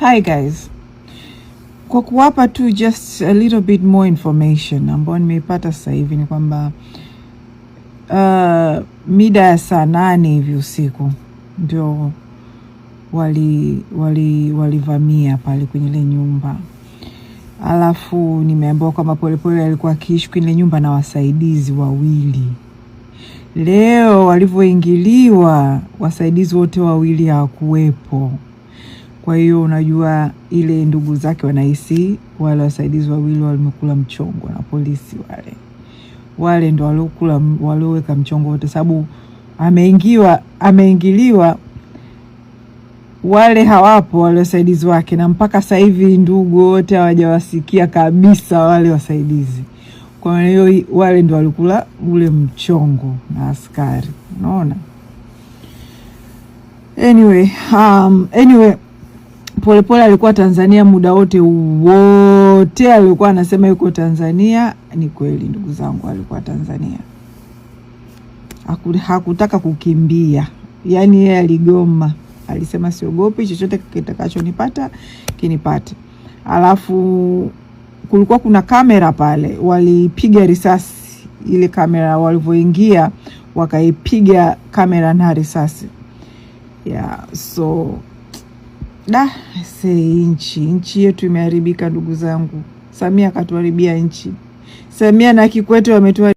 Hi guys, kwa kuwapa tu just a little bit more information ambayo nimeipata sasa hivi ni kwamba uh, mida ya saa nane hivi usiku ndio wali wali walivamia pale kwenye ile nyumba, alafu nimeambiwa kwamba Polepole alikuwa akiishi kwenye nyumba na wasaidizi wawili. Leo walivyoingiliwa, wasaidizi wote wawili hawakuwepo. Kwa hiyo unajua, ile ndugu zake wanahisi wale wasaidizi wawili walimekula mchongo na polisi wale wale ndo waliokula walioweka mchongo wote, sababu ameingiwa ameingiliwa, wale hawapo wale wasaidizi wake, na mpaka sasa hivi ndugu wote hawajawasikia kabisa wale wasaidizi. Kwa hiyo wale ndo walikula ule mchongo na askari, unaona. Anyway, um, anyway Polepole alikuwa Tanzania muda wote wote, alikuwa anasema yuko Tanzania. Ni kweli ndugu zangu, alikuwa Tanzania, hakutaka kukimbia. Yaani yeye aligoma, alisema siogopi, chochote kitakachonipata kinipate. Alafu kulikuwa kuna kamera pale, walipiga risasi ile kamera, walivyoingia wakaipiga kamera na risasi ya yeah, so Da, se nchi nchi yetu imeharibika ndugu zangu. Samia akatuharibia nchi. Samia na Kikwete wametua